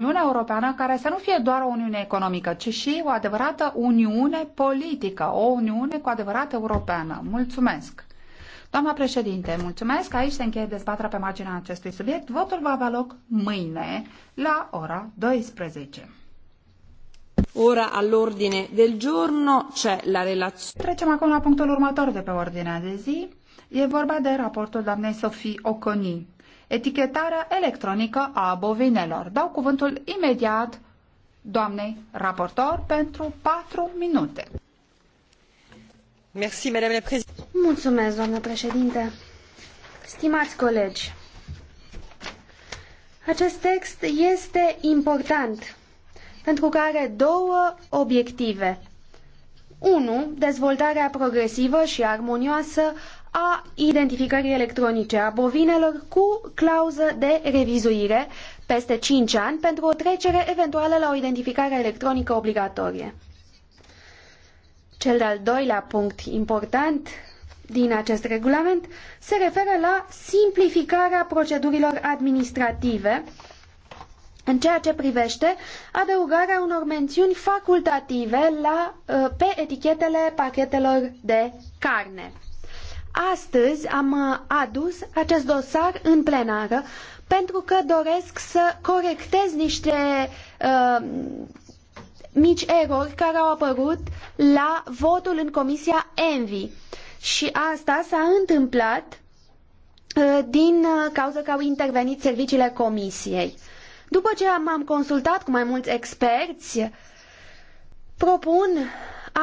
Uniunea Europeană care să nu fie doar o Uniune economică, ci și o adevărată Uniune politică, o Uniune cu adevărat europeană. Mulțumesc! Doamna președinte, mulțumesc! Aici se încheie dezbaterea pe marginea acestui subiect. Votul va avea loc mâine la ora 12. Ora all'ordine del giorno c'è la relazione. Trecem acum la punctul următor de pe ordinea de zi. E vorba de raportul doamnei Sofie Oconi etichetarea electronică a bovinelor. Dau cuvântul imediat doamnei raportor pentru 4 minute. Merci, madame la Mulțumesc, doamnă președinte. Stimați colegi, acest text este important pentru că are două obiective. 1. Dezvoltarea progresivă și armonioasă a identificării electronice a bovinelor cu clauză de revizuire peste 5 ani pentru o trecere eventuală la o identificare electronică obligatorie. Cel de-al doilea punct important din acest regulament se referă la simplificarea procedurilor administrative în ceea ce privește adăugarea unor mențiuni facultative la, uh, pe etichetele pachetelor de carne. Astăzi am uh, adus acest dosar în plenară pentru că doresc să corectez niște uh, mici erori care au apărut la votul în Comisia Envi. Și asta s-a întâmplat uh, din uh, cauza că au intervenit serviciile Comisiei. După ce m-am consultat cu mai mulți experți, propun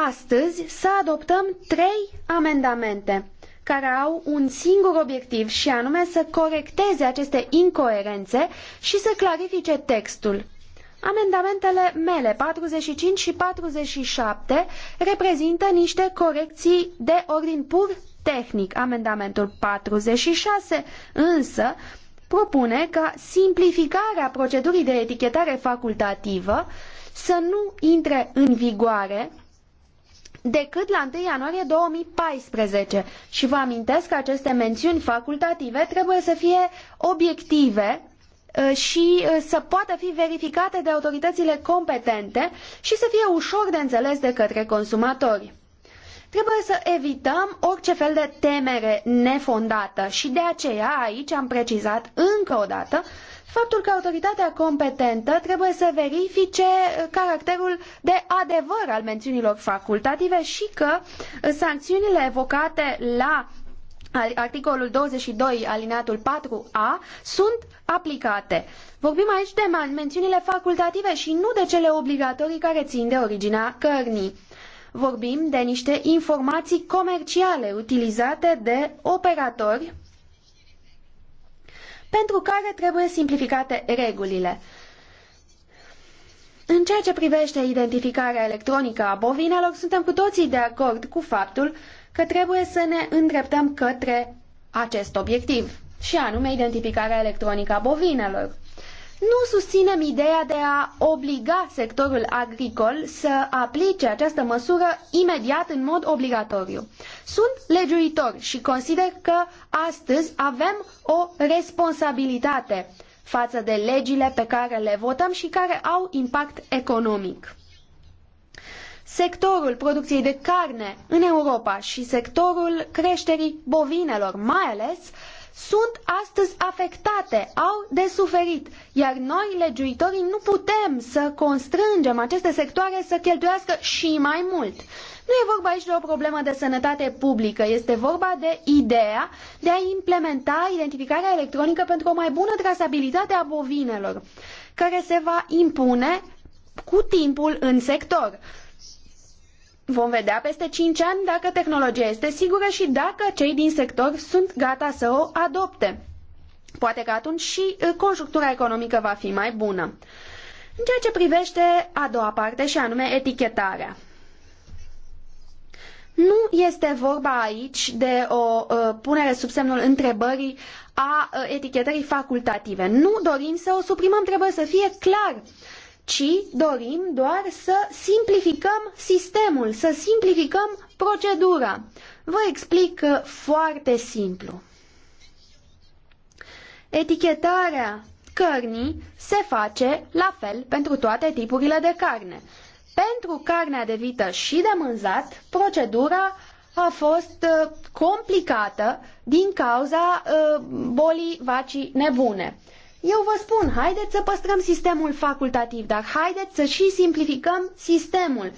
astăzi să adoptăm trei amendamente care au un singur obiectiv și anume să corecteze aceste incoerențe și să clarifice textul. Amendamentele mele 45 și 47 reprezintă niște corecții de ordin pur tehnic. Amendamentul 46 însă propune ca simplificarea procedurii de etichetare facultativă să nu intre în vigoare decât la 1 ianuarie 2014. Și vă amintesc că aceste mențiuni facultative trebuie să fie obiective uh, și uh, să poată fi verificate de autoritățile competente și să fie ușor de înțeles de către consumatori. Trebuie să evităm orice fel de temere nefondată și de aceea aici am precizat încă o dată faptul că autoritatea competentă trebuie să verifice caracterul de adevăr al mențiunilor facultative și că sancțiunile evocate la articolul 22 alineatul 4a sunt aplicate. Vorbim aici de mențiunile facultative și nu de cele obligatorii care țin de originea cărnii. Vorbim de niște informații comerciale utilizate de operatori pentru care trebuie simplificate regulile. În ceea ce privește identificarea electronică a bovinelor, suntem cu toții de acord cu faptul că trebuie să ne îndreptăm către acest obiectiv, și anume identificarea electronică a bovinelor. Nu susținem ideea de a obliga sectorul agricol să aplice această măsură imediat în mod obligatoriu. Sunt legiuitor și consider că astăzi avem o responsabilitate față de legile pe care le votăm și care au impact economic. Sectorul producției de carne în Europa și sectorul creșterii bovinelor mai ales sunt astăzi afectate, au de suferit, iar noi, legiuitorii, nu putem să constrângem aceste sectoare să cheltuiască și mai mult. Nu e vorba aici de o problemă de sănătate publică, este vorba de ideea de a implementa identificarea electronică pentru o mai bună trasabilitate a bovinelor, care se va impune cu timpul în sector. Vom vedea peste cinci ani dacă tehnologia este sigură și dacă cei din sector sunt gata să o adopte. Poate că atunci și uh, conjunctura economică va fi mai bună. În ceea ce privește a doua parte și anume etichetarea. Nu este vorba aici de o uh, punere sub semnul întrebării a uh, etichetării facultative. Nu dorim să o suprimăm, trebuie să fie clar ci dorim doar să simplificăm sistemul, să simplificăm procedura. Vă explic uh, foarte simplu. Etichetarea cărnii se face la fel pentru toate tipurile de carne. Pentru carnea de vită și de mânzat, procedura a fost uh, complicată din cauza uh, bolii vacii nebune. Eu vă spun, haideți să păstrăm sistemul facultativ, dar haideți să și simplificăm sistemul.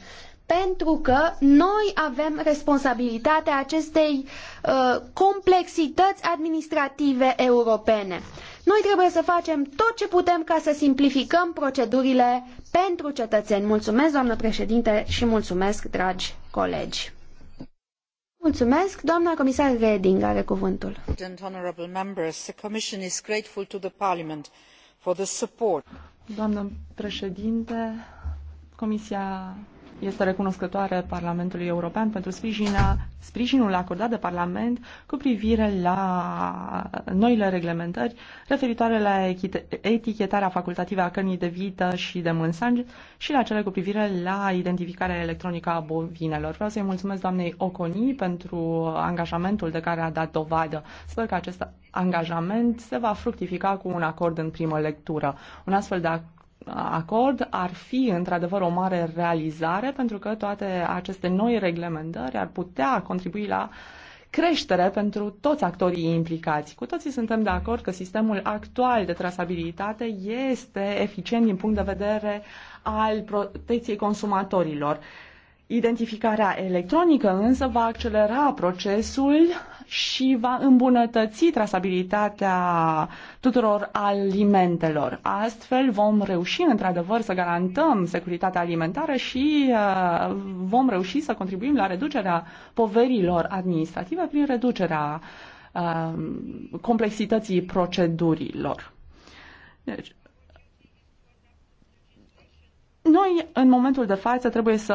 Pentru că noi avem responsabilitatea acestei uh, complexități administrative europene. Noi trebuie să facem tot ce putem ca să simplificăm procedurile pentru cetățeni. Mulțumesc, doamnă președinte, și mulțumesc, dragi colegi. Mulțumesc. Doamna comisar Reding are cuvântul. Doamnă președinte, Comisia este recunoscătoare Parlamentului European pentru sprijina, sprijinul acordat de Parlament cu privire la noile reglementări referitoare la etichetarea facultativă a cărnii de vită și de mânsange și la cele cu privire la identificarea electronică a bovinelor. Vreau să-i mulțumesc doamnei Oconi pentru angajamentul de care a dat dovadă. Sper că acest angajament se va fructifica cu un acord în primă lectură. Un astfel de acord acord ar fi într-adevăr o mare realizare, pentru că toate aceste noi reglementări ar putea contribui la creștere pentru toți actorii implicați. Cu toții suntem de acord că sistemul actual de trasabilitate este eficient din punct de vedere al protecției consumatorilor. Identificarea electronică însă va accelera procesul și va îmbunătăți trasabilitatea tuturor alimentelor. Astfel vom reuși într-adevăr să garantăm securitatea alimentară și uh, vom reuși să contribuim la reducerea poverilor administrative prin reducerea uh, complexității procedurilor. Deci, noi, în momentul de față, trebuie să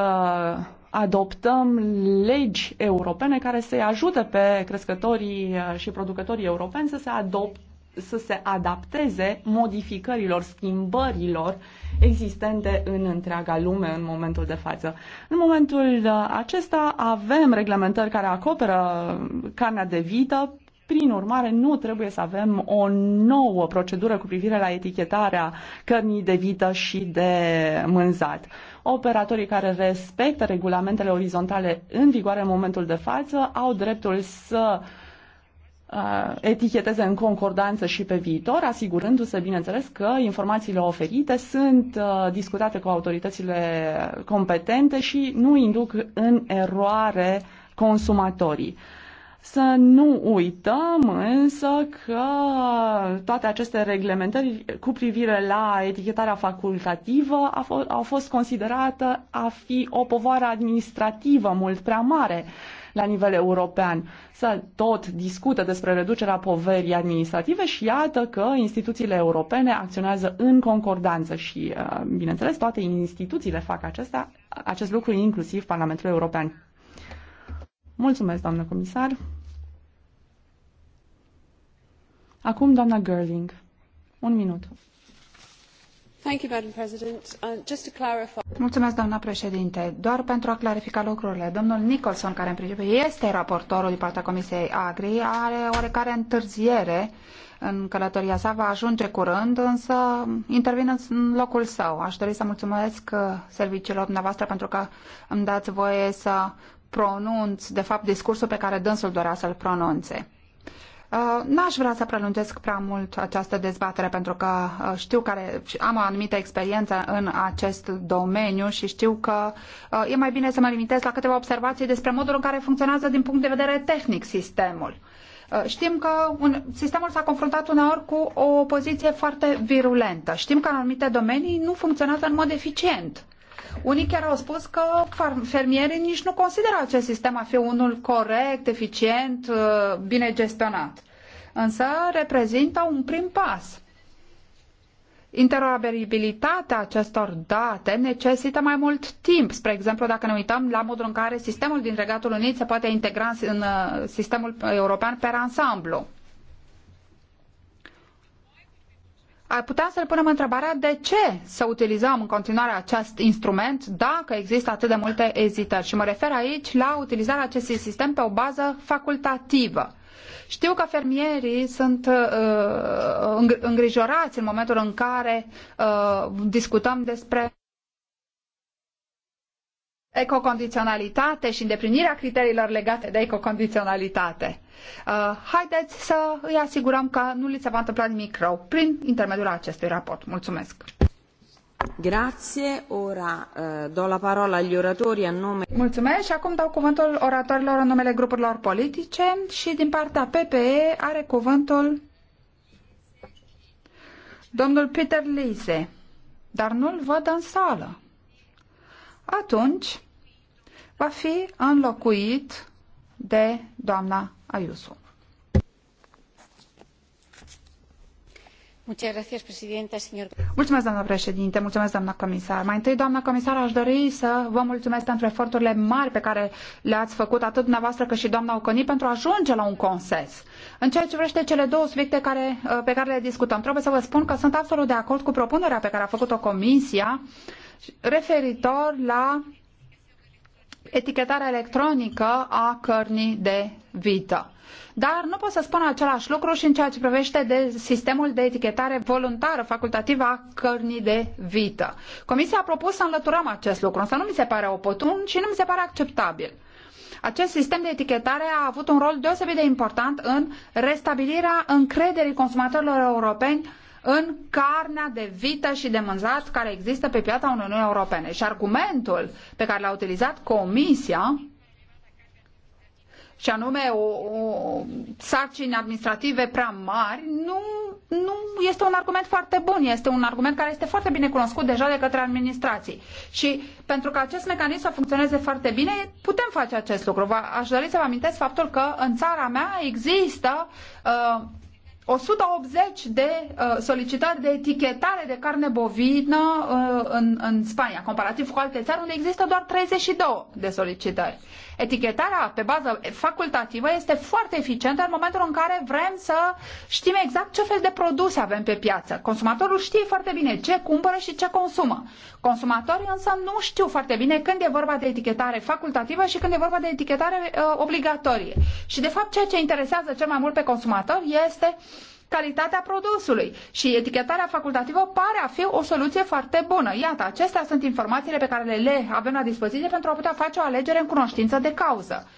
adoptăm legi europene care să-i ajute pe crescătorii uh, și producătorii europeni să se, adopt, să se adapteze modificărilor, schimbărilor existente în întreaga lume în momentul de față. În momentul uh, acesta avem reglementări care acoperă carnea de vită prin urmare, nu trebuie să avem o nouă procedură cu privire la etichetarea cărnii de vită și de mânzat. Operatorii care respectă regulamentele orizontale în vigoare în momentul de față au dreptul să uh, eticheteze în concordanță și pe viitor, asigurându-se, bineînțeles, că informațiile oferite sunt uh, discutate cu autoritățile competente și nu induc în eroare consumatorii. Să nu uităm însă că toate aceste reglementări cu privire la etichetarea facultativă au fost considerate a fi o povară administrativă mult prea mare la nivel european. Să tot discută despre reducerea poverii administrative și iată că instituțiile europene acționează în concordanță și, uh, bineînțeles, toate instituțiile fac acestea, acest lucru, inclusiv Parlamentul European. Mulțumesc, doamnă comisar. Acum, doamna Gerling. Un minut. Thank you, Madam President. Uh, just to clarify... Mulțumesc, doamna președinte. Doar pentru a clarifica lucrurile, domnul Nicholson, care în principiu este raportorul din partea Comisiei Agri, are oarecare întârziere în călătoria sa, va ajunge curând, însă intervine în locul său. Aș dori să mulțumesc uh, serviciilor dumneavoastră pentru că îmi dați voie să pronunț, de fapt, discursul pe care dânsul dorea să-l pronunțe. Uh, n-aș vrea să prelungesc prea mult această dezbatere pentru că uh, știu care am o anumită experiență în acest domeniu și știu că uh, e mai bine să mă limitez la câteva observații despre modul în care funcționează din punct de vedere tehnic sistemul. Știm că un, sistemul s-a confruntat uneori cu o poziție foarte virulentă. Știm că în anumite domenii nu funcționează în mod eficient. Uh, unii chiar au spus că fermierii nici nu consideră acest sistem a fi unul corect, eficient, uh, bine gestionat. Însă reprezintă un prim pas. Interoperabilitatea acestor date necesită mai mult timp. Spre exemplu, dacă ne uităm la modul în care sistemul din Regatul Unit se poate integra în uh, sistemul european per ansamblu. ar putea să l punem întrebarea de ce să utilizăm în continuare acest instrument dacă există atât de multe ezitări. Și mă refer aici la utilizarea acestui sistem pe o bază facultativă. Știu că fermierii sunt uh, îngrijorați în momentul în care uh, discutăm despre ecocondiționalitate și îndeplinirea criteriilor legate de ecocondiționalitate. Uh, haideți să îi asigurăm că nu li se va întâmpla nimic rău prin intermediul acestui raport. Mulțumesc! Grazie, ora uh, do la parola agli oratori a nome... Mulțumesc și acum dau cuvântul oratorilor în numele grupurilor politice și din partea PPE are cuvântul domnul Peter Lise, dar nu-l văd în sală atunci va fi înlocuit de doamna Ayuso. Mulțumesc, doamna președinte, mulțumesc, doamna comisar. Mai întâi, doamna comisar, aș dori să vă mulțumesc pentru eforturile mari pe care le-ați făcut atât dumneavoastră cât și doamna Oconi pentru a ajunge la un consens. În ceea ce vrește cele două subiecte care, uh, pe care le discutăm, trebuie să vă spun că sunt absolut de acord cu propunerea pe care a făcut-o comisia uh, referitor la etichetarea electronică a cărnii de vită. Dar nu pot să spun același lucru și în ceea ce privește de sistemul de etichetare voluntară facultativă a cărnii de vită. Comisia a propus să înlăturăm acest lucru, însă nu mi se pare oportun și nu mi se pare acceptabil. Acest sistem de etichetare a avut un rol deosebit de important în restabilirea încrederii consumatorilor europeni în carnea de vită și de mânzat care există pe piața Uniunii Europene. Și argumentul pe care l-a utilizat Comisia și anume o, o sarcini administrative prea mari, nu, nu este un argument foarte bun. Este un argument care este foarte bine cunoscut deja de către administrații. Și pentru că acest mecanism să funcționeze foarte bine, putem face acest lucru. aș dori să vă amintesc faptul că în țara mea există uh, 180 de uh, solicitări de etichetare de carne bovină uh, în, în Spania, comparativ cu alte țări unde există doar 32 de solicitări. Etichetarea pe bază facultativă este foarte eficientă în momentul în care vrem să știm exact ce fel de produse avem pe piață. Consumatorul știe foarte bine ce cumpără și ce consumă. Consumatorii însă nu știu foarte bine când e vorba de etichetare facultativă și când e vorba de etichetare uh, obligatorie. Și de fapt ceea ce interesează cel mai mult pe consumator este uh, calitatea produsului și etichetarea facultativă pare a fi o soluție foarte bună. Iată, acestea sunt informațiile pe care le avem la dispoziție pentru a putea face o alegere în cunoștință de cauză.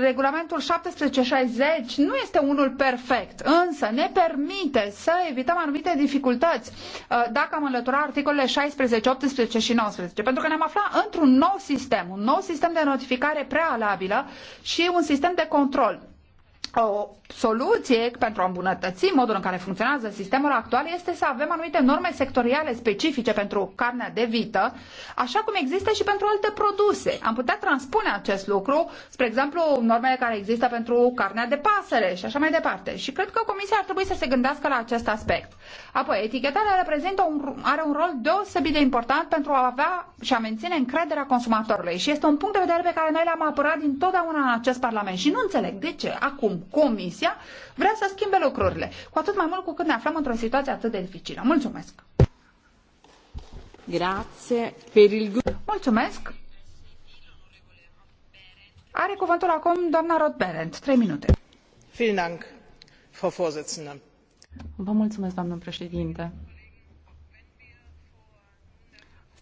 Regulamentul 1760 nu este unul perfect, însă ne permite să evităm anumite dificultăți uh, dacă am înlătura articolele 16, 18 și 19, pentru că ne-am aflat într-un nou sistem, un nou sistem de notificare prealabilă și un sistem de control o soluție pentru a îmbunătăți modul în care funcționează sistemul actual este să avem anumite norme sectoriale specifice pentru carnea de vită, așa cum există și pentru alte produse. Am putea transpune acest lucru, spre exemplu, normele care există pentru carnea de pasăre și așa mai departe. Și cred că Comisia ar trebui să se gândească la acest aspect. Apoi, etichetarea reprezintă un, are un rol deosebit de important pentru a avea și a menține încrederea consumatorului și este un punct de vedere pe care noi l-am apărat totdeauna în acest Parlament și nu înțeleg de ce acum Comisia vrea să schimbe lucrurile, cu atât mai mult cu cât ne aflăm într-o situație atât de dificilă. Mulțumesc! Grazie per il... Mulțumesc! Are cuvântul acum doamna Rod Berend. Trei minute. Vielen Dank, Frau Vorsitzende. Vă mulțumesc, doamnă președinte.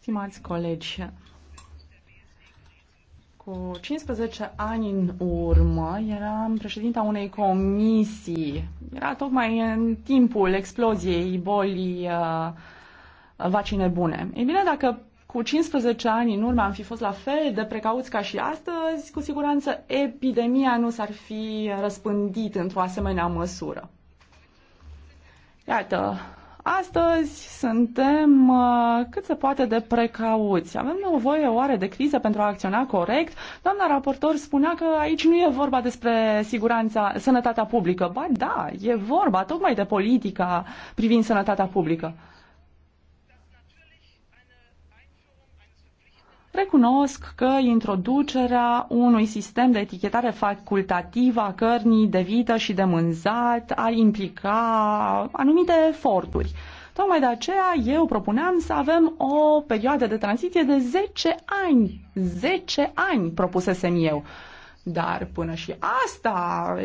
Stimați colegi, cu 15 ani în urmă eram președinta unei comisii. Era tocmai în timpul exploziei bolii uh, vaccine bune. Ei bine, dacă cu 15 ani în urmă am fi fost la fel de precauți ca și astăzi, cu siguranță epidemia nu s-ar fi răspândit într-o asemenea măsură. Iată, Astăzi suntem uh, cât se poate de precauți. Avem nevoie oare de criză pentru a acționa corect? Doamna raportor spunea că aici nu e vorba despre siguranța, sănătatea publică. Ba da, e vorba tocmai de politica privind sănătatea publică. Recunosc că introducerea unui sistem de etichetare facultativă a cărnii de vită și de mânzat ar implica anumite eforturi. Tocmai de aceea eu propuneam să avem o perioadă de tranziție de 10 ani. 10 ani propusesem eu. Dar până și asta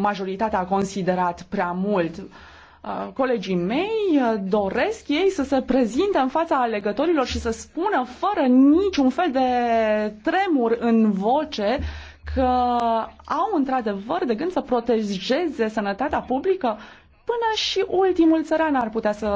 majoritatea a considerat prea mult. Uh, colegii mei doresc ei să se prezinte în fața alegătorilor și să spună fără niciun fel de tremur în voce că au într-adevăr de gând să protejeze sănătatea publică până și ultimul țăran ar putea să,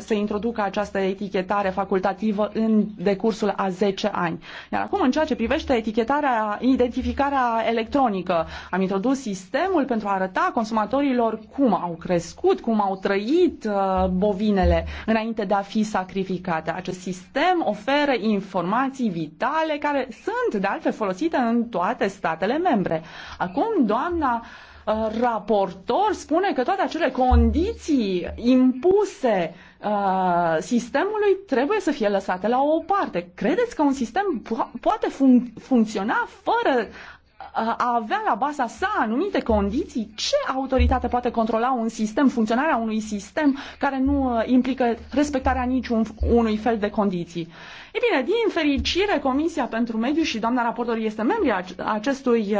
să introducă această etichetare facultativă în decursul a 10 ani. Iar acum, în ceea ce privește etichetarea, identificarea electronică, am introdus sistemul pentru a arăta consumatorilor cum au crescut, cum au trăit uh, bovinele înainte de a fi sacrificate. Acest sistem oferă informații vitale care sunt, de altfel, folosite în toate statele membre. Acum, doamna uh, Uh, raportor spune că toate acele condiții impuse uh, sistemului trebuie să fie lăsate la o parte. Credeți că un sistem po- poate fun- funcționa fără uh, a avea la baza sa anumite condiții? Ce autoritate poate controla un sistem, funcționarea unui sistem care nu implică respectarea niciun unui fel de condiții? Ei bine, din fericire, Comisia pentru Mediu și doamna raportor este membri acestui,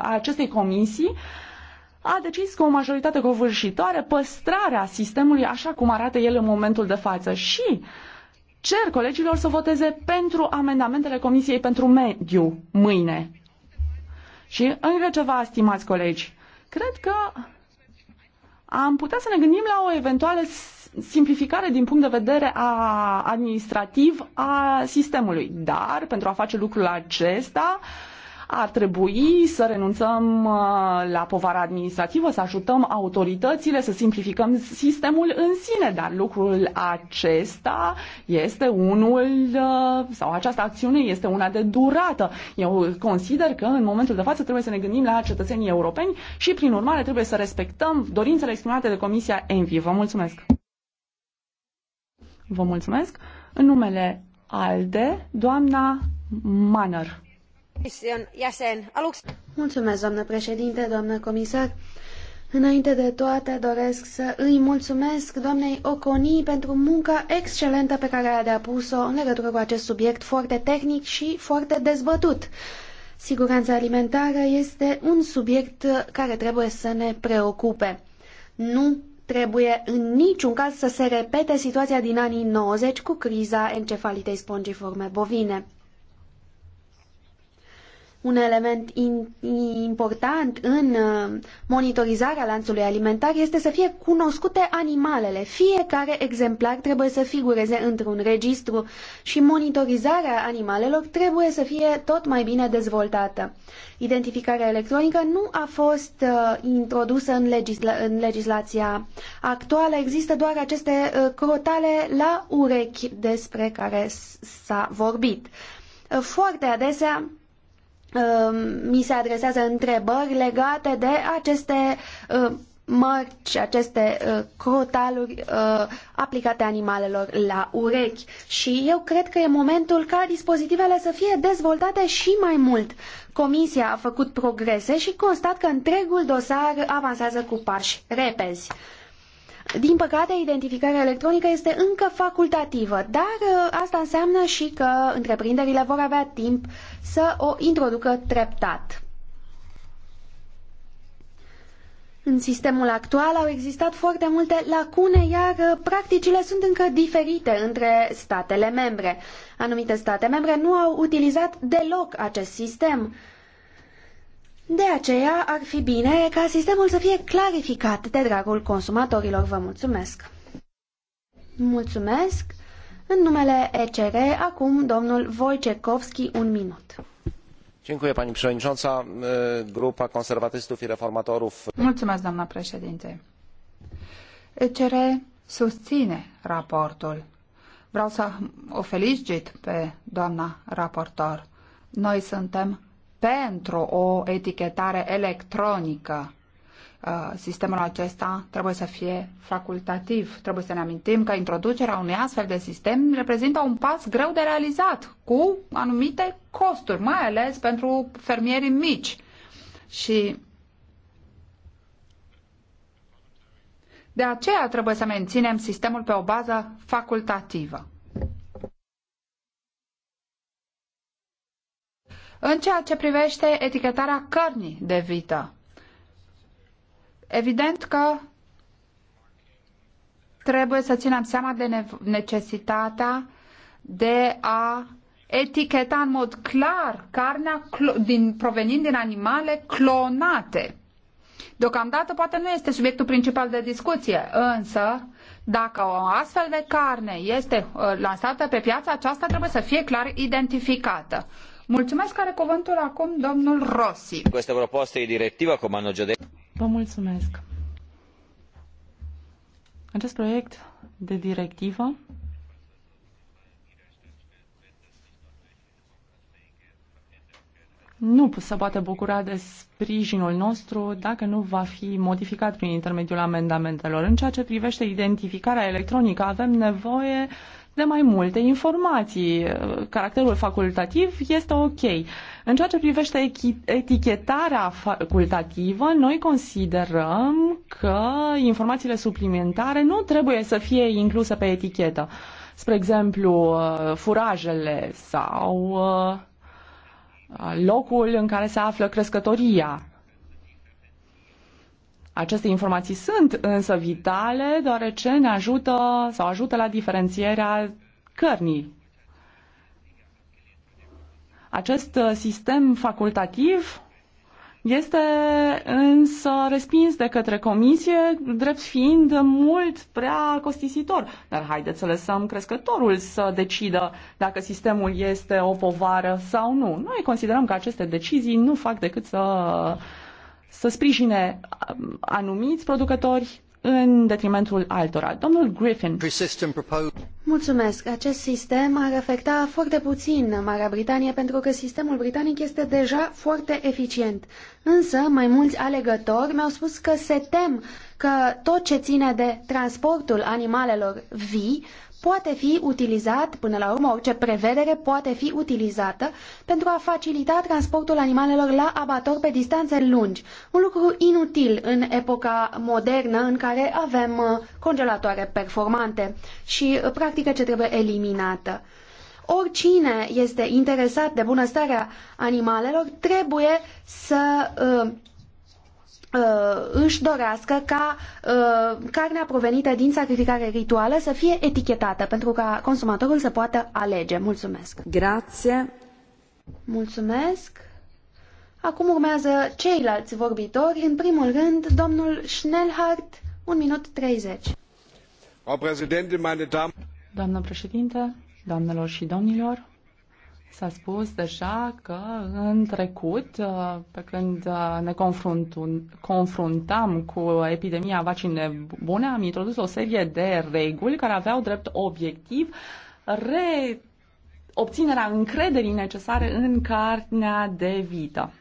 acestei comisii, uh, a decis cu o majoritate covârșitoare păstrarea sistemului așa cum arată el în momentul de față și cer colegilor să voteze pentru amendamentele Comisiei pentru Mediu mâine. Și încă ceva, stimați colegi, cred că am putea să ne gândim la o eventuală simplificare din punct de vedere a administrativ a sistemului. Dar, pentru a face lucrul acesta, ar trebui să renunțăm uh, la povara administrativă, să ajutăm autoritățile, să simplificăm sistemul în sine, dar lucrul acesta este unul uh, sau această acțiune este una de durată. Eu consider că în momentul de față trebuie să ne gândim la cetățenii europeni și prin urmare trebuie să respectăm dorințele exprimate de Comisia Envi. Vă mulțumesc! Vă mulțumesc! În numele ALDE, doamna Manner. Mulțumesc, doamnă președinte, doamnă comisar. Înainte de toate, doresc să îi mulțumesc doamnei Oconi pentru munca excelentă pe care a depus-o în legătură cu acest subiect foarte tehnic și foarte dezbătut. Siguranța alimentară este un subiect care trebuie să ne preocupe. Nu trebuie în niciun caz să se repete situația din anii 90 cu criza encefalitei spongiforme bovine un element in, important în uh, monitorizarea lanțului alimentar este să fie cunoscute animalele. Fiecare exemplar trebuie să figureze într-un registru și monitorizarea animalelor trebuie să fie tot mai bine dezvoltată. Identificarea electronică nu a fost uh, introdusă în, legisla- în legislația actuală, există doar aceste uh, crotale la urechi despre care s-a vorbit. Foarte adesea, Ehm, mi se adresează întrebări legate de aceste ehm, mărci, aceste ehm, crotaluri aplicate animalelor la urechi. Și eu cred că e momentul ca dispozitivele să fie dezvoltate și mai mult. Comisia a făcut progrese și constat că întregul dosar avansează cu pași repezi. Din păcate, identificarea electronică este încă facultativă, dar uh, asta înseamnă și că întreprinderile vor avea timp să o introducă treptat. În sistemul actual au existat foarte multe lacune, iar uh, practicile sunt încă diferite între statele membre. Anumite state membre nu au utilizat deloc acest sistem. De aceea ar fi bine ca sistemul să fie clarificat de dragul consumatorilor. Vă mulțumesc! Mulțumesc! În numele ECR, acum domnul Wojciechowski, un minut. Dziękuję pani przewodnicząca. Grupa konserwatystów i reformatorów. Mulțumesc, doamna președinte. ECR susține raportul. Vreau să o felicit pe doamna raportor. Noi suntem pentru o etichetare electronică. Uh, sistemul acesta trebuie să fie facultativ. Trebuie să ne amintim că introducerea unui astfel de sistem reprezintă un pas greu de realizat, cu anumite costuri, mai ales pentru fermierii mici. Și de aceea trebuie să menținem sistemul pe o bază facultativă. În ceea ce privește etichetarea cărnii de vită, evident că trebuie să ținem seama de necesitatea de a eticheta în mod clar carnea din, provenind din animale clonate. Deocamdată poate nu este subiectul principal de discuție, însă dacă o astfel de carne este uh, lansată pe piața aceasta, trebuie să fie clar identificată. Mulțumesc, care cuvântul acum domnul Rossi. Queste proposte di direttiva, cum hanno già Vă mulțumesc. Acest proiect de directivă nu se poate bucura de sprijinul nostru dacă nu va fi modificat prin intermediul amendamentelor. În ceea ce privește identificarea electronică, avem nevoie uh, de mai multe informații. Caracterul facultativ este ok. În ceea ce privește etichetarea facultativă, noi considerăm că informațiile suplimentare nu trebuie să fie incluse pe etichetă. Spre exemplu, uh, furajele sau uh, locul în care se află crescătoria aceste informații sunt însă vitale, deoarece ne ajută sau ajută la diferențierea cărnii. Acest sistem facultativ este însă respins de către comisie, drept fiind mult prea costisitor. Dar haideți să lăsăm crescătorul să decidă dacă sistemul este o povară sau nu. Noi considerăm că aceste decizii nu fac decât să să sprijine um, anumiți producători în detrimentul altora. Domnul Griffin. Mulțumesc. Acest sistem ar afecta foarte puțin Marea Britanie pentru că sistemul britanic este deja foarte eficient. Însă, mai mulți alegători mi-au spus că se tem că tot ce ține de transportul animalelor vii poate fi utilizat, până la urmă orice prevedere poate fi utilizată pentru a facilita transportul animalelor la abator pe distanțe lungi, un lucru inutil în epoca modernă în care avem uh, congelatoare performante și uh, practică ce trebuie eliminată. Oricine este interesat de bunăstarea animalelor trebuie să uh, uh, își dorească ca uh, carnea provenită din sacrificare rituală să fie etichetată pentru ca consumatorul să poată alege. Mulțumesc! Grație! Mulțumesc! Acum urmează ceilalți vorbitori, în primul rând domnul Schnellhardt, 1 minut 30. Doamnă președinte, doamnelor și domnilor, S-a spus deja că în trecut, uh, pe când uh, ne confruntam cu epidemia vaccinului, bune, am introdus o serie de reguli care aveau drept obiectiv re obținerea încrederii necesare în carnea de vită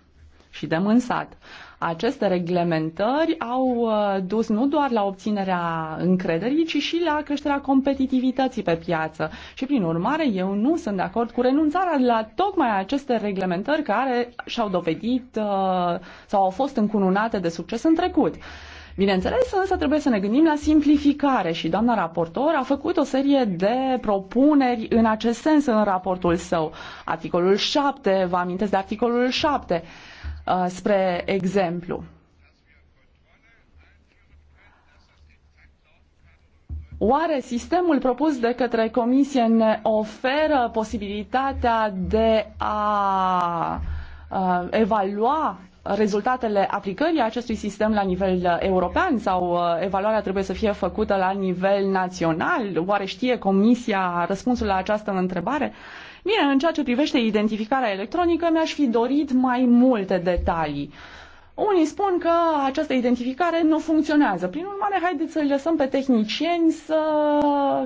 și de mânsat. Aceste reglementări au uh, dus nu doar la obținerea încrederii, ci și la creșterea competitivității pe piață. Și prin urmare, eu nu sunt de acord cu renunțarea la tocmai aceste reglementări care și-au dovedit uh, sau au fost încununate de succes în trecut. Bineînțeles, însă trebuie să ne gândim la simplificare și doamna raportor a făcut o serie de propuneri în acest sens în raportul său. Articolul 7, vă amintesc de articolul 7. Uh, spre exemplu. Oare sistemul propus de către Comisie ne oferă posibilitatea de a uh, evalua rezultatele aplicării acestui sistem la nivel uh, european sau evaluarea trebuie să fie făcută la nivel național? Oare știe Comisia răspunsul la această întrebare? Uh, Bine, în ceea ce privește identificarea electronică, mi-aș fi dorit mai multe detalii. Unii spun că această identificare nu funcționează. Prin urmare, haideți să-i lăsăm pe tehnicieni să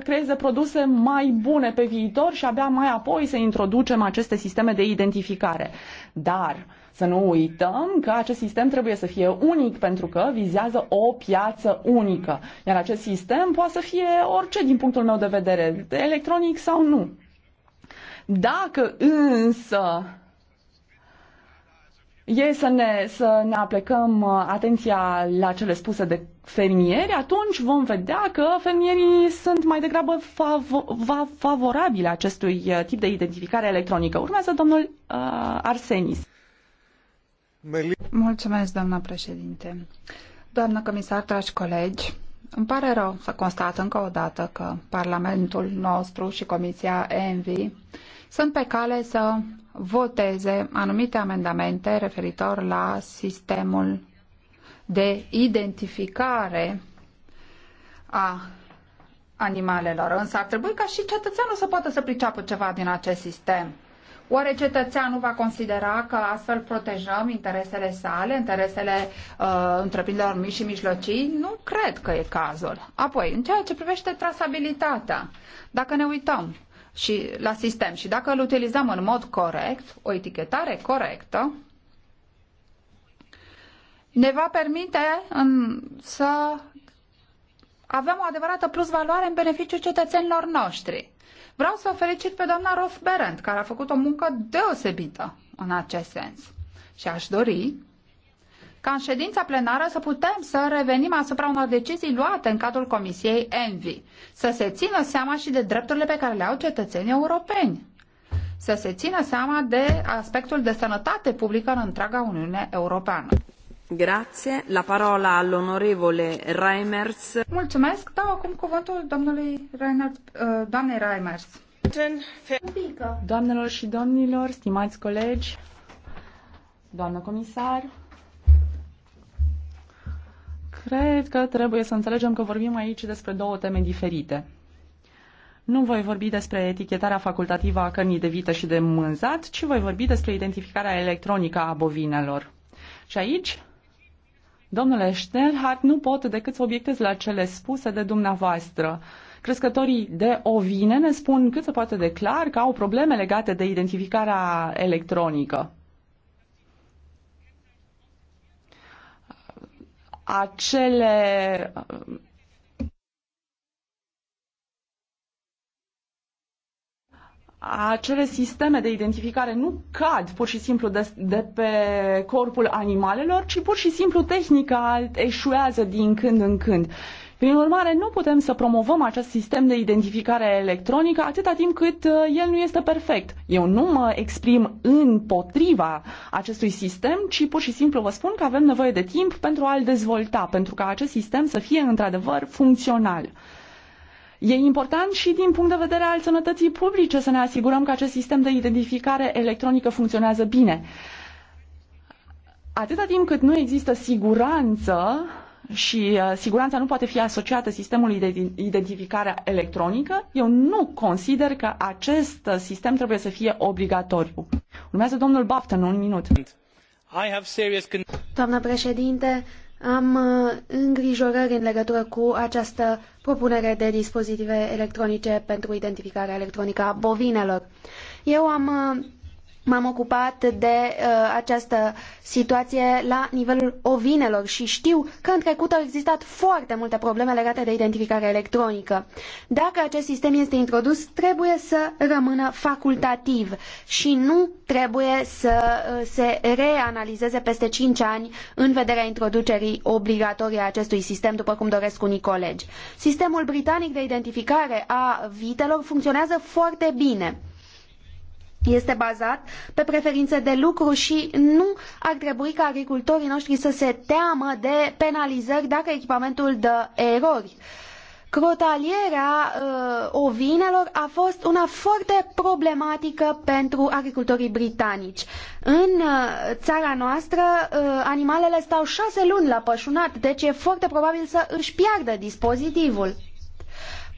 creeze produse mai bune pe viitor și abia mai apoi să introducem aceste sisteme de identificare. Dar să nu uităm că acest sistem trebuie să fie unic pentru că vizează o piață unică. Iar acest sistem poate să fie orice din punctul meu de vedere, electronic sau nu. Dacă însă e să ne, să ne aplecăm uh, atenția la cele spuse de fermieri, atunci vom vedea că fermierii sunt mai degrabă fav- favorabili acestui uh, tip de identificare electronică. Urmează domnul uh, Arsenis. Mulțumesc, doamna președinte. Doamna comisar, dragi colegi, îmi pare rău să constat încă o dată că Parlamentul nostru și Comisia ENVI sunt pe cale să voteze anumite amendamente referitor la sistemul de identificare a animalelor. Însă ar trebui ca și cetățeanul să poată să priceapă ceva din acest sistem. Oare cetățeanul va considera că astfel protejăm interesele sale, interesele uh, întreprinderilor mici și mijlocii? Nu cred că e cazul. Apoi, în ceea ce privește trasabilitatea, dacă ne uităm și la sistem și dacă îl utilizăm în mod corect, o etichetare corectă, ne va permite în, să avem o adevărată plusvaloare în beneficiul cetățenilor noștri. Vreau să o felicit pe doamna Roth Berend, care a făcut o muncă deosebită în acest sens. Și aș dori ca în ședința plenară să putem să revenim asupra unor decizii luate în cadrul Comisiei ENVI, să se țină seama și de drepturile pe care le au cetățenii europeni, să se țină seama de aspectul de sănătate publică în întreaga Uniune Europeană. Grazie. La parola all'onorevole Reimers. Mulțumesc. Dau acum cuvântul domnului uh, doamnei Reimers. Doamnelor și domnilor, stimați colegi, doamnă comisar, cred că trebuie să înțelegem că vorbim aici despre două teme diferite. Nu voi vorbi despre etichetarea facultativă a cărnii de vită și de mânzat, ci voi vorbi despre identificarea electronică a bovinelor. Și aici Domnule Schnellhardt, nu pot decât să obiectez la cele spuse de dumneavoastră. Crescătorii de ovine ne spun cât se poate de clar că au probleme legate de identificarea electronică. Acele acele sisteme de identificare nu cad pur și simplu de, de pe corpul animalelor, ci pur și simplu tehnica eșuează din când în când. Prin urmare, nu putem să promovăm acest sistem de identificare electronică atâta timp cât uh, el nu este perfect. Eu nu mă exprim împotriva acestui sistem, ci pur și simplu vă spun că avem nevoie de timp pentru a-l dezvolta, pentru ca acest sistem să fie într-adevăr funcțional. E important și din punct de vedere al sănătății publice să ne asigurăm că acest sistem de identificare electronică funcționează bine. Atâta timp cât nu există siguranță și uh, siguranța nu poate fi asociată sistemului de identificare electronică, eu nu consider că acest sistem trebuie să fie obligatoriu. Urmează domnul în un minut. Doamnă președinte, am uh, îngrijorări în legătură cu această propunere de dispozitive electronice pentru identificarea electronică a bovinelor. Eu am uh, m-am ocupat de uh, această situație la nivelul ovinelor și știu că în trecut au existat foarte multe probleme legate de identificare electronică. Dacă acest sistem este introdus, trebuie să rămână facultativ și nu trebuie să uh, se reanalizeze peste cinci ani în vederea introducerii obligatorii a acestui sistem, după cum doresc unii colegi. Sistemul britanic de identificare a vitelor funcționează foarte bine este bazat pe preferințe de lucru și nu ar trebui ca agricultorii noștri să se teamă de penalizări dacă echipamentul dă erori. Crotalierea uh, ovinelor a fost una foarte problematică pentru agricultorii britanici. În uh, țara noastră, uh, animalele stau șase luni la pășunat, deci e foarte probabil să își piardă dispozitivul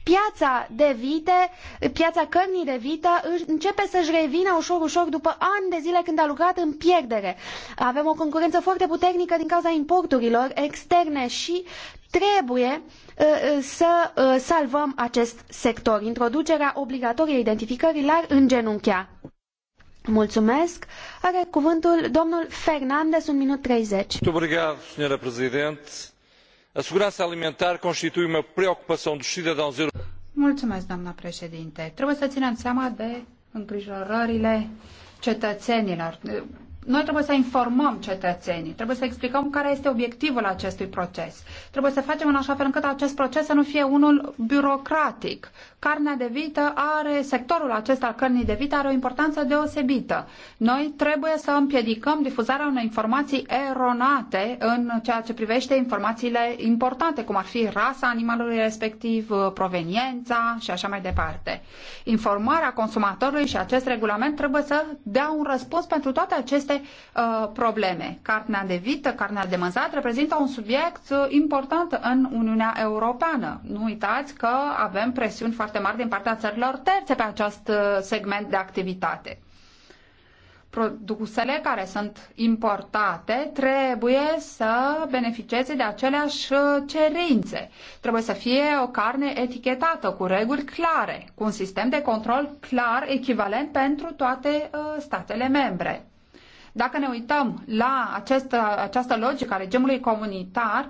piața de vite, piața cărnii de vită începe să-și revină ușor, ușor după ani de zile când a lucrat în pierdere. Avem o concurență foarte puternică din cauza importurilor externe și trebuie uh, uh, să uh, salvăm acest sector. Introducerea obligatorie identificării lar în îngenunchea. Mulțumesc. Are cuvântul domnul Fernandez, un minut 30. Obrigado, senhora Presidente. A segurança alimentar constitui uma preocupação dos cidadãos europeus. Mulțumesc, doamna președinte. Trebuie să ținem seama de îngrijorările cetățenilor. Noi trebuie să informăm cetățenii, trebuie să explicăm care este obiectivul acestui proces. Trebuie să facem în așa fel încât acest proces să nu fie unul birocratic, carnea de vită are, sectorul acesta al cărnii de vită are o importanță deosebită. Noi trebuie să împiedicăm difuzarea unei informații eronate în ceea ce privește informațiile importante, cum ar fi rasa animalului respectiv, proveniența și așa mai departe. Informarea consumatorului și acest regulament trebuie să dea un răspuns pentru toate aceste uh, probleme. Carnea de vită, carnea de mânzat reprezintă un subiect uh, important în Uniunea Europeană. Nu uitați că avem presiuni foarte foarte mari din partea țărilor terțe pe acest uh, segment de activitate. Produsele care sunt importate trebuie să beneficieze de aceleași uh, cerințe. Trebuie să fie o carne etichetată cu reguli clare, cu un sistem de control clar echivalent pentru toate uh, statele membre. Dacă ne uităm la această, această logică a regimului comunitar,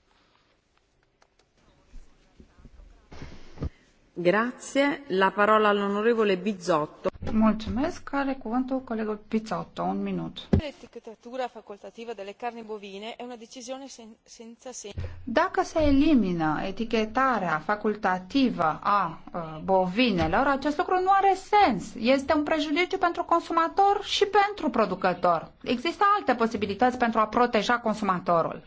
Grazie. La parola all'onorevole Bizzotto. Care Un minut. delle carni bovine è una decisione senza senso. Dacă se elimină etichetarea facultativă a uh, bovinelor, acest lucru nu are sens. Este un prejudiciu pentru consumator și pentru producător. Există alte posibilități pentru a proteja consumatorul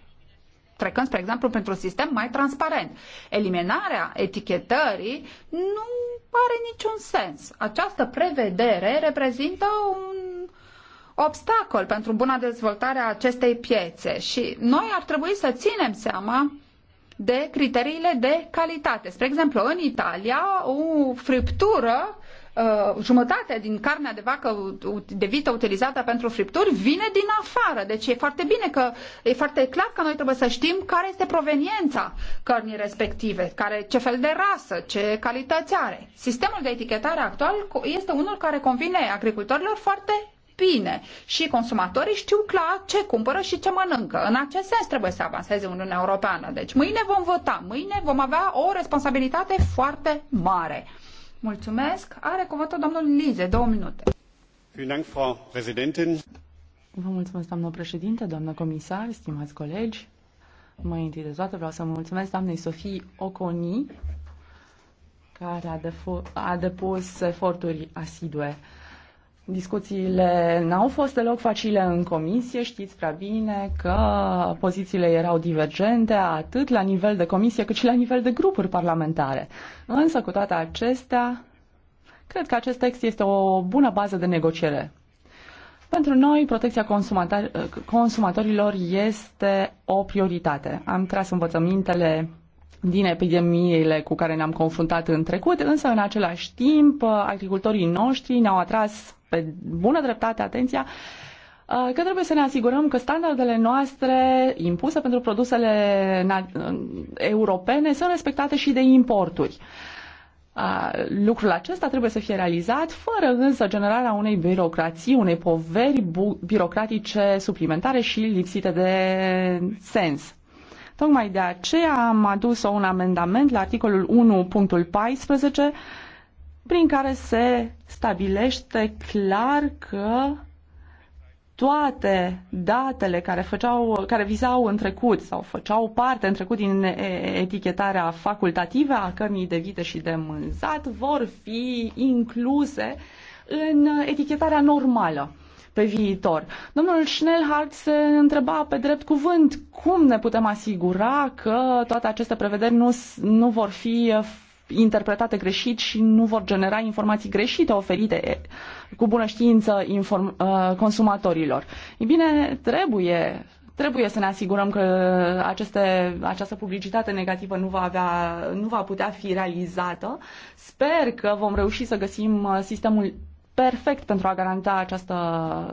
trecând, spre exemplu, pentru un sistem mai transparent. Eliminarea etichetării nu are niciun sens. Această prevedere reprezintă un obstacol pentru buna dezvoltare a acestei piețe și noi ar trebui să ținem seama de criteriile de calitate. Spre exemplu, în Italia, o friptură Uh, jumătate din carnea de vacă de vită utilizată pentru fripturi vine din afară. Deci e foarte bine că e foarte clar că noi trebuie să știm care este proveniența cărnii respective, care, ce fel de rasă, ce calități are. Sistemul de etichetare actual este unul care convine agricultorilor foarte bine și consumatorii știu clar ce cumpără și ce mănâncă. În acest sens trebuie să avanseze Uniunea Europeană. Deci mâine vom vota, mâine vom avea o responsabilitate foarte mare. Mulțumesc. Are cuvântul domnul Lize, două minute. Vă mulțumesc, doamnă președinte, doamnă comisar, stimați colegi. Mai întâi de toate vreau să mulțumesc doamnei Sofie Oconi, care a, a depus eforturi asidue. Discuțiile n-au fost deloc facile în comisie, știți prea bine că pozițiile erau divergente atât la nivel de comisie cât și la nivel de grupuri parlamentare. Însă, cu toate acestea, cred că acest text este o bună bază de negociere. Pentru noi, protecția consumatorilor este o prioritate. Am tras învățămintele din epidemiile cu care ne-am confruntat în trecut, însă în același timp agricultorii noștri ne-au atras pe bună dreptate atenția uh, că trebuie să ne asigurăm că standardele noastre impuse pentru produsele uh, europene sunt respectate și de importuri. Uh, lucrul acesta trebuie să fie realizat fără însă generarea unei birocrații, unei poveri birocratice suplimentare și lipsite de sens. Tocmai de aceea am adus un amendament la articolul 1.14 prin care se stabilește clar că toate datele care, făceau, care vizau în trecut sau făceau parte în trecut din etichetarea facultativă a cărnii de vită și de mânzat vor fi incluse în etichetarea normală pe viitor. Domnul Schnellhardt se întreba pe drept cuvânt cum ne putem asigura că toate aceste prevederi nu, nu vor fi interpretate greșit și nu vor genera informații greșite oferite cu bună știință inform, uh, consumatorilor. Ei bine, trebuie trebuie să ne asigurăm că aceste, această publicitate negativă nu va, avea, nu va putea fi realizată. Sper că vom reuși să găsim uh, sistemul perfect pentru a garanta această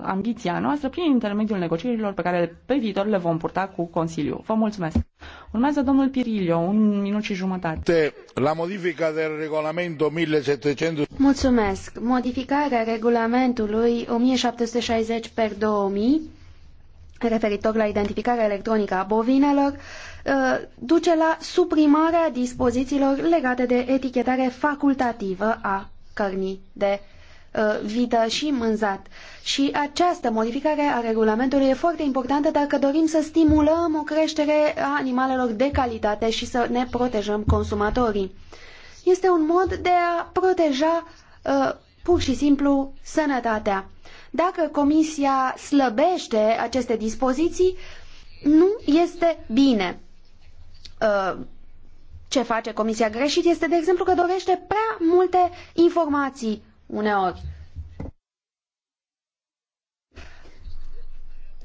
ambiție a noastră prin intermediul negocierilor pe care pe viitor le vom purta cu Consiliul. Vă mulțumesc. Urmează domnul Pirilio, un minut și jumătate. La modifica de regulament 1700... Mulțumesc. Modificarea regulamentului 1760 per 2000 referitor la identificarea electronică a bovinelor, uh, duce la suprimarea dispozițiilor legate de etichetare facultativă a cărnii de Uh, vită și mânzat. Și această modificare a regulamentului e foarte importantă dacă dorim să stimulăm o creștere a animalelor de calitate și să ne protejăm consumatorii. Este un mod de a proteja uh, pur și simplu sănătatea. Dacă Comisia slăbește aceste dispoziții, nu este bine. Uh, ce face Comisia greșit este, de exemplu, că dorește prea multe informații uneori.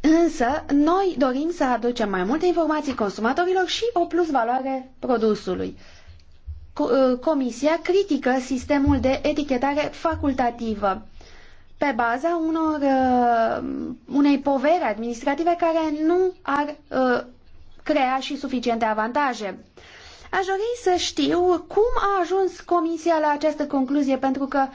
Însă, noi dorim să aducem mai multe informații consumatorilor și o plus valoare produsului. Ă, comisia critică sistemul de etichetare facultativă pe baza unor, ă, unei poveri administrative care nu ar ă, crea și suficiente avantaje. Aș dori să știu cum a ajuns Comisia la această concluzie, pentru că uh,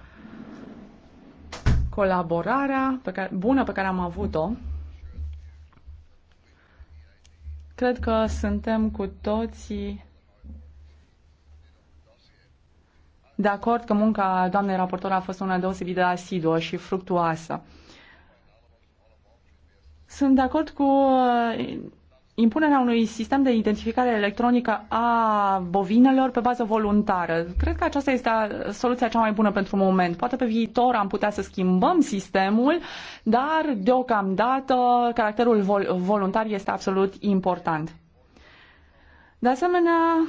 Colaborarea pe care, bună pe care am avut-o, cred că suntem cu toții de acord că munca doamnei raportor a fost una deosebit de asiduă și fructuoasă. Sunt de acord cu impunerea unui sistem de identificare electronică a bovinelor pe bază voluntară. Cred că aceasta este soluția cea mai bună pentru moment. Poate pe viitor am putea să schimbăm sistemul, dar deocamdată caracterul vol- voluntar este absolut important. De asemenea,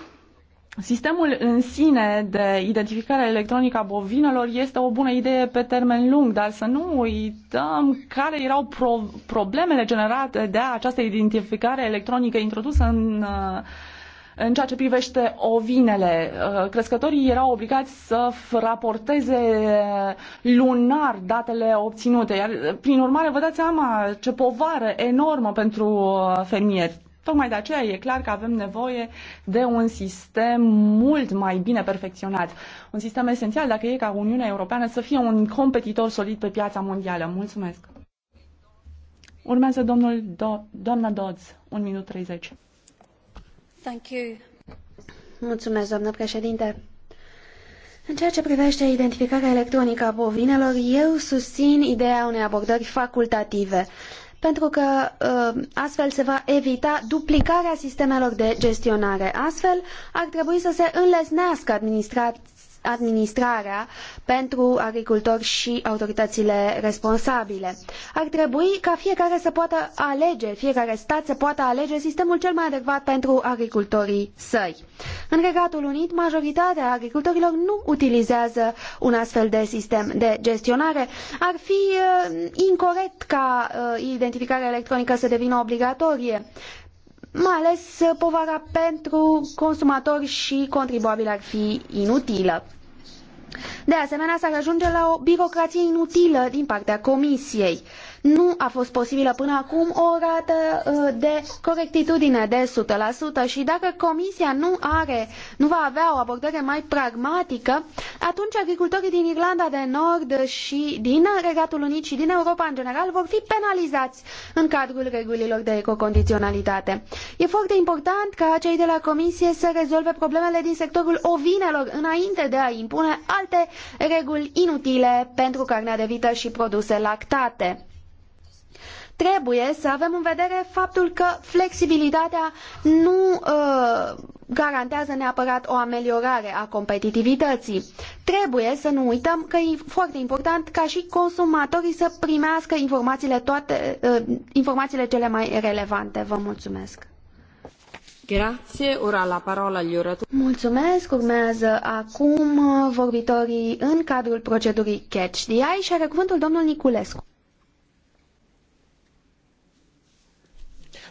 Sistemul în sine de identificare electronică a bovinelor este o bună idee pe termen lung, dar să nu uităm care erau pro- problemele generate de această identificare electronică introdusă în, uh, în ceea ce privește ovinele. Uh, crescătorii erau obligați să raporteze lunar datele obținute, iar prin urmare vă dați seama ce povară enormă pentru uh, fermieri. Tocmai de aceea e clar că avem nevoie de un sistem mult mai bine perfecționat. Un sistem esențial dacă e ca Uniunea Europeană să fie un competitor solid pe piața mondială. Mulțumesc! Urmează domnul Do- doamna Dodds, 1 minut 30. Thank you. Mulțumesc, doamnă președinte. În ceea ce privește identificarea electronică a bovinelor, eu susțin ideea unei abordări facultative pentru că uh, astfel se va evita duplicarea sistemelor de gestionare. Astfel, ar trebui să se înlesnească administrația administrarea pentru agricultori și autoritățile responsabile. Ar trebui ca fiecare să poată alege, fiecare stat să poată alege sistemul cel mai adecvat pentru agricultorii săi. În Regatul Unit, majoritatea agricultorilor nu utilizează un astfel de sistem de gestionare. Ar fi uh, incorrect ca uh, identificarea electronică să devină obligatorie mai ales uh, povara pentru consumatori și contribuabili ar fi inutilă. De asemenea, s-ar ajunge la o birocrație inutilă din partea Comisiei. Uh, nu a fost posibilă până acum o rată uh, de corectitudine de 100% și dacă Comisia nu are, nu va avea o abordare mai pragmatică, atunci agricultorii din Irlanda de Nord și din Regatul Unit și din Europa în general vor fi penalizați în cadrul regulilor de ecocondiționalitate. E foarte important ca cei de la Comisie să rezolve problemele din sectorul ovinelor înainte de a impune alte reguli inutile pentru carnea de vită și produse lactate trebuie să avem în vedere faptul că flexibilitatea nu uh, garantează neapărat o ameliorare a competitivității. Trebuie să nu uităm că e foarte important ca și consumatorii să primească informațiile, toate, uh, informațiile cele mai relevante. Vă mulțumesc! Grazie, ora la parola agli oratori. Mulțumesc, urmează acum vorbitorii în cadrul procedurii Catch the Eye și are cuvântul domnul Niculescu.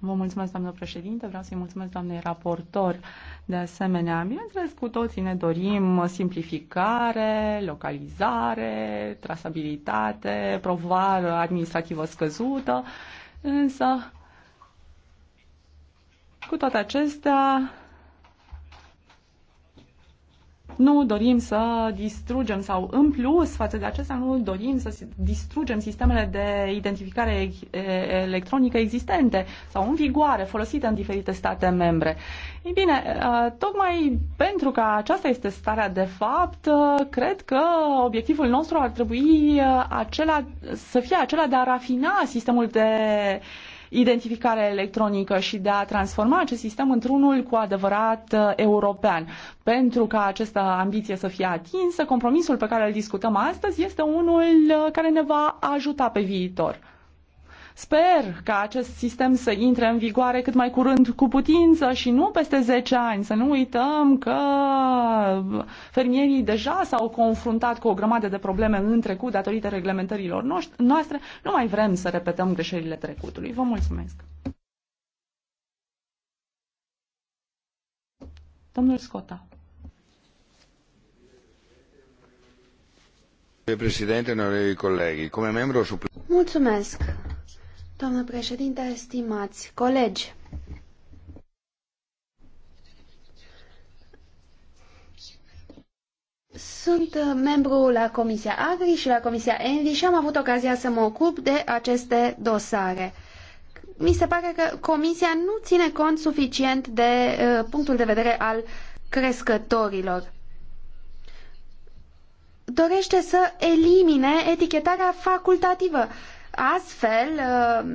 Vă mulțumesc, doamnă președinte, vreau să-i mulțumesc doamnei raportor de asemenea. Bineînțeles, cu toții ne dorim simplificare, localizare, trasabilitate, provară administrativă scăzută, însă cu toate acestea nu dorim să distrugem sau în plus față de acestea nu dorim să distrugem sistemele de identificare electronică existente sau în vigoare, folosite în diferite state membre. Ei bine, tocmai pentru că aceasta este starea de fapt, cred că obiectivul nostru ar trebui acela, să fie acela de a rafina sistemul de uh, identificare electronică și de a transforma acest sistem într-unul cu adevărat uh, european. Pentru ca această ambiție să fie atinsă, compromisul pe care îl discutăm astăzi este unul uh, care ne va ajuta pe viitor. Sper ca acest sistem să intre în vigoare cât mai curând cu putință și nu peste 10 ani. Să nu uităm că fermierii deja s-au confruntat cu o grămadă de probleme în trecut datorită reglementărilor noastre. Nu mai vrem să repetăm greșelile trecutului. Vă mulțumesc! Domnul Scota. Președinte, onorevoli colegi, cum membru Mulțumesc. Doamnă președinte, estimați colegi, Sunt membru la Comisia Agri și la Comisia Envi și am avut ocazia să mă ocup de aceste dosare. Mi se pare că Comisia nu ține cont suficient de uh, punctul de vedere al crescătorilor. Dorește să elimine etichetarea facultativă Astfel, uh,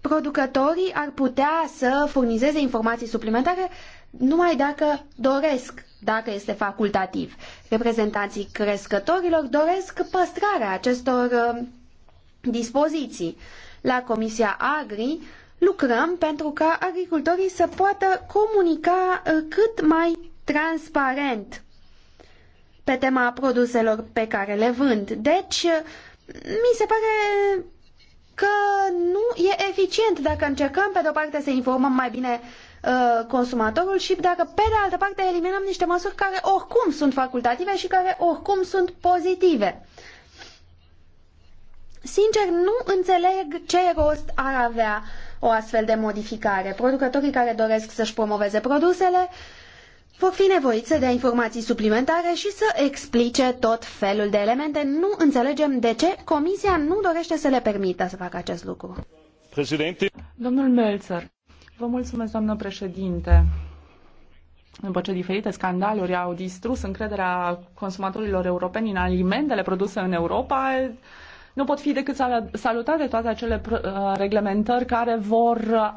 producătorii ar putea să furnizeze informații suplimentare numai dacă doresc, dacă este facultativ. Reprezentanții crescătorilor doresc păstrarea acestor uh, dispoziții. La Comisia Agri lucrăm pentru ca agricultorii să poată comunica uh, cât mai transparent pe tema produselor pe care le vând. Deci, mi se pare că nu e eficient dacă încercăm pe de-o parte să informăm mai bine uh, consumatorul și dacă pe de altă parte eliminăm niște măsuri care oricum sunt facultative și care oricum sunt pozitive. Sincer, nu înțeleg ce rost ar avea o astfel de modificare. Producătorii care doresc să-și promoveze produsele uh, vor fi nevoiți să dea informații suplimentare și să explice tot felul de elemente. Nu înțelegem de ce Comisia nu dorește să le permită să facă acest lucru. Președinte. Domnul Melzer, vă mulțumesc, doamnă președinte. După ce diferite scandaluri au distrus încrederea consumatorilor europeni în alimentele produse în Europa, nu pot fi decât salutate toate acele uh, reglementări care vor uh,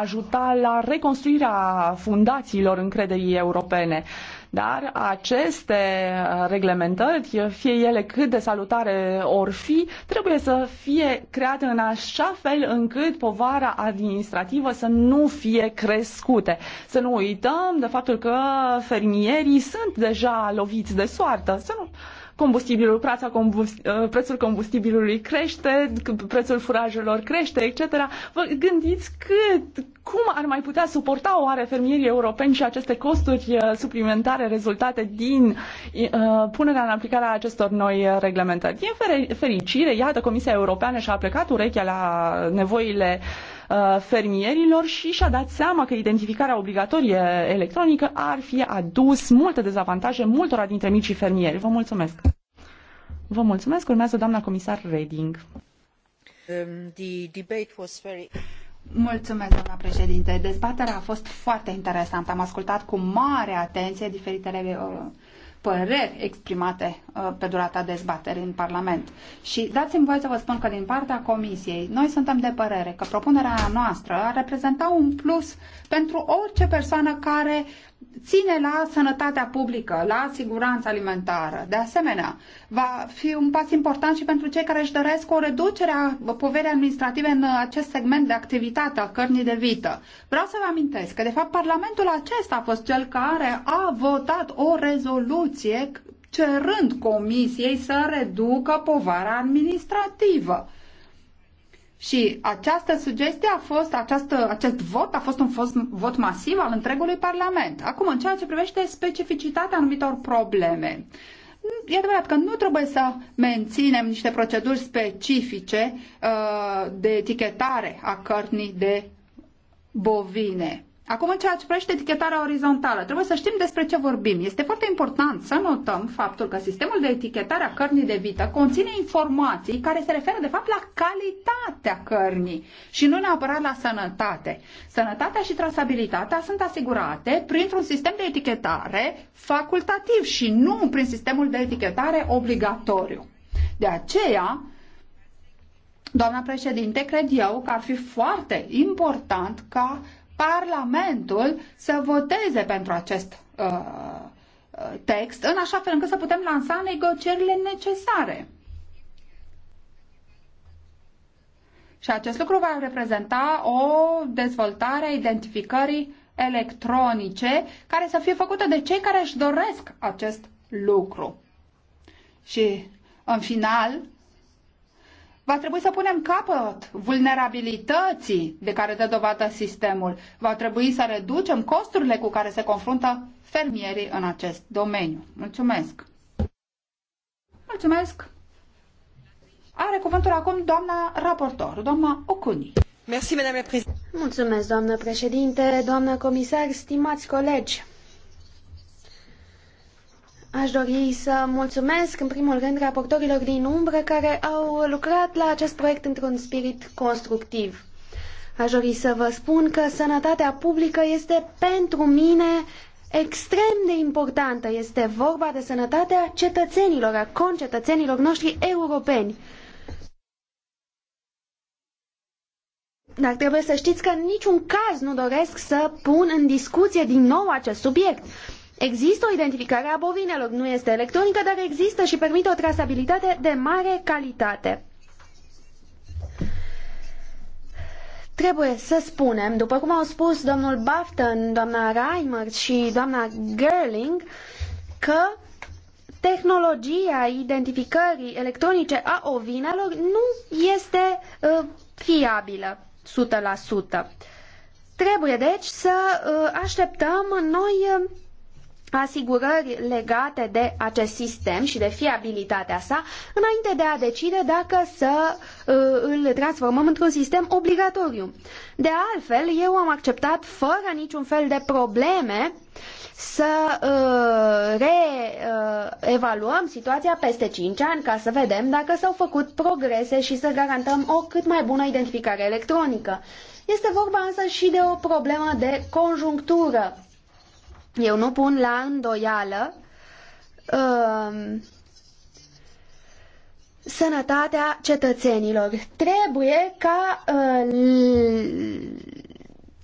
ajuta la reconstruirea fundațiilor încrederii europene. Dar aceste uh, reglementări, fie ele cât de salutare or fi, trebuie să fie create în așa fel încât povara administrativă să nu fie crescute. Să nu uităm de faptul că fermierii sunt deja loviți de soartă. Să nu combustibilul, prața combust, uh, prețul combustibilului crește, prețul furajelor crește, etc. Vă gândiți cât, cum ar mai putea suporta oare fermierii europeni și aceste costuri uh, suplimentare rezultate din uh, punerea în aplicare a acestor noi uh, reglementări? Din fericire, iată, Comisia Europeană și-a plecat urechea la nevoile uh, Uh, fermierilor și și-a dat seama că identificarea obligatorie electronică ar fi adus multe dezavantaje multora dintre micii fermieri. Vă mulțumesc! Vă mulțumesc! Urmează doamna comisar Reding. Um, mulțumesc, doamna președinte. Dezbaterea a fost foarte interesantă. Am ascultat cu mare atenție diferitele uh, păreri exprimate uh, pe durata dezbaterii în Parlament. Și dați-mi voie să vă spun că din partea Comisiei, noi suntem de părere că propunerea noastră ar reprezenta un plus pentru orice persoană care ține la sănătatea publică, la siguranța alimentară. De asemenea, va fi un pas important și pentru cei care își doresc o reducere a poverii administrative în acest segment de activitate a cărnii de vită. Vreau să vă amintesc că, de fapt, Parlamentul acesta a fost cel care a votat o rezoluție cerând Comisiei să reducă povara administrativă. Și această sugestie a fost, această, acest vot a fost un fost, vot masiv al întregului Parlament. Acum, în ceea ce privește specificitatea anumitor probleme, e adevărat că nu trebuie să menținem niște proceduri specifice uh, de etichetare a cărnii de bovine. Acum, în ceea ce privește etichetarea orizontală, trebuie să știm despre ce vorbim. Este foarte important să notăm faptul că sistemul de etichetare a cărnii de vită conține informații care se referă, de fapt, la calitatea cărnii și nu neapărat la sănătate. Sănătatea și trasabilitatea sunt asigurate printr-un sistem de etichetare facultativ și nu prin sistemul de etichetare obligatoriu. De aceea, Doamna președinte, cred eu că ar fi foarte important ca Parlamentul să voteze pentru acest uh, uh, text, în așa fel încât să putem lansa negocierile necesare. Și acest lucru va reprezenta o dezvoltare a identificării electronice care să fie făcută de cei care își doresc acest lucru. Și, în final, Va trebui să punem capăt vulnerabilității de care dă dovadă sistemul. Va trebui să reducem costurile cu care se confruntă fermierii în acest domeniu. Mulțumesc! Mulțumesc! Are cuvântul acum doamna raportor, doamna Ocuni. Mulțumesc, doamnă președinte, doamnă comisar, stimați colegi. Aș dori să mulțumesc în primul rând raportorilor din umbră care au lucrat la acest proiect într-un spirit constructiv. Aș dori să vă spun că sănătatea publică este pentru mine extrem de importantă. Este vorba de sănătatea cetățenilor, a concetățenilor noștri europeni. Dar trebuie să știți că în niciun caz nu doresc să pun în discuție din nou acest subiect. Există o identificare a bovinelor, nu este electronică, dar există și permite o trasabilitate de mare calitate. Trebuie să spunem, după cum au spus domnul Bafton, doamna Reimer și doamna Gerling, că tehnologia identificării electronice a ovinelor nu este uh, fiabilă 100%. Trebuie deci să uh, așteptăm noi uh, asigurări legate de acest sistem și de fiabilitatea sa, înainte de a decide dacă să uh, îl transformăm într-un sistem obligatoriu. De altfel, eu am acceptat fără niciun fel de probleme să uh, reevaluăm uh, situația peste cinci ani ca să vedem dacă s-au făcut progrese și să garantăm o cât mai bună identificare electronică. Este vorba însă și de o problemă de conjunctură eu nu pun la îndoială uh, sănătatea cetățenilor. Trebuie ca uh,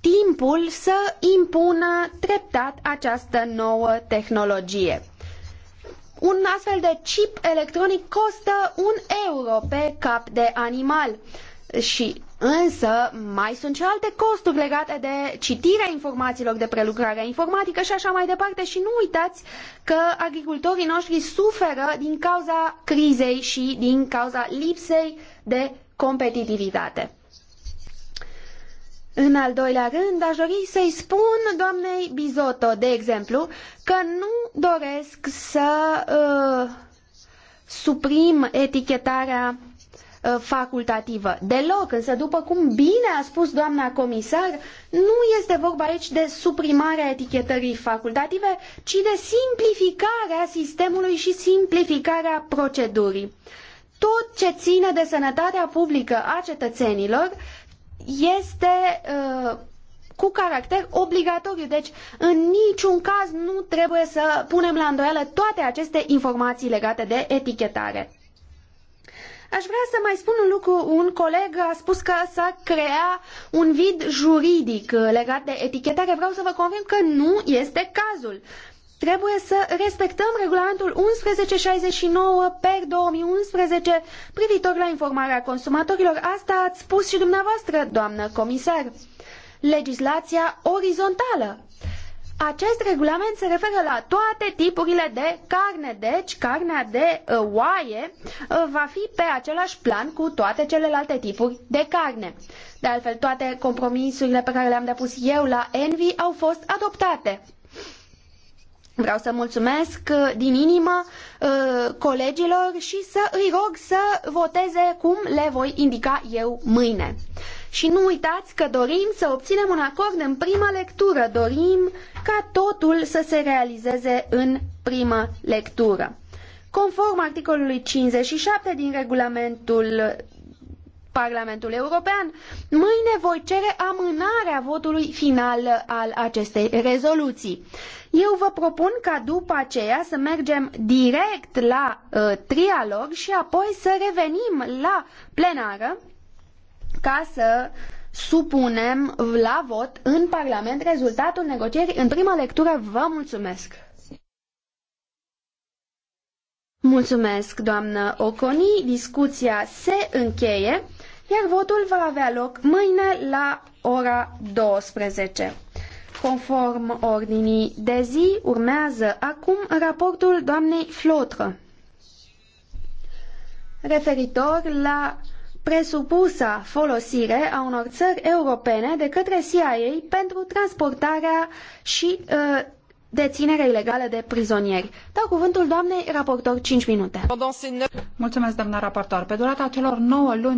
timpul să impună treptat această nouă tehnologie. Un astfel de chip electronic costă un euro pe cap de animal. Uh, și însă mai sunt și alte costuri legate de citirea informațiilor, de prelucrare informatică și așa mai departe și nu uitați că agricultorii noștri suferă din cauza crizei și din cauza lipsei de competitivitate. În al doilea rând, aș dori să-i spun doamnei Bizotto, de exemplu, că nu doresc să uh, suprim etichetarea Uh, facultativă. Deloc, însă după cum bine a spus doamna comisar, nu este vorba aici de suprimarea etichetării facultative, ci de simplificarea sistemului și simplificarea procedurii. Tot ce ține de sănătatea publică a cetățenilor este uh, cu caracter obligatoriu. Deci, în niciun caz nu trebuie să punem la îndoială toate aceste informații legate de etichetare. Aș vrea să mai spun un lucru. Un coleg a spus că s-ar crea un vid juridic uh, legat de etichetare. Vreau să vă confirm că nu este cazul. Trebuie să respectăm regulamentul 1169 per 2011 privitor la informarea consumatorilor. Asta ați spus și dumneavoastră, doamnă comisar. Legislația orizontală acest regulament se referă la toate tipurile de carne, deci carnea de uh, oaie uh, va fi pe același plan cu toate celelalte tipuri de carne. De altfel, toate compromisurile pe care le-am depus eu la Envi au fost adoptate. Vreau să mulțumesc uh, din inimă colegilor și să îi rog să voteze cum le voi indica eu mâine. Și nu uitați că dorim să obținem un acord în prima lectură, dorim ca totul să se realizeze în prima lectură. Conform articolului 57 din regulamentul Parlamentului European, mâine voi cere amânarea votului final al acestei rezoluții. Eu vă propun ca după aceea să mergem direct la uh, trialog și apoi să revenim la plenară ca să supunem la vot în Parlament rezultatul negocierii în prima lectură. Vă mulțumesc! Mulțumesc, doamnă Oconi. Discuția se încheie, iar votul va avea loc mâine la ora 12. Conform ordinii de zi, urmează acum raportul doamnei Flotră referitor la presupusa folosire a unor țări europene de către CIA pentru transportarea și uh, deținere ilegală de prizonieri. Dau cuvântul doamnei raportor 5 minute. Mulțumesc, doamna raportor. Pe durata celor 9 luni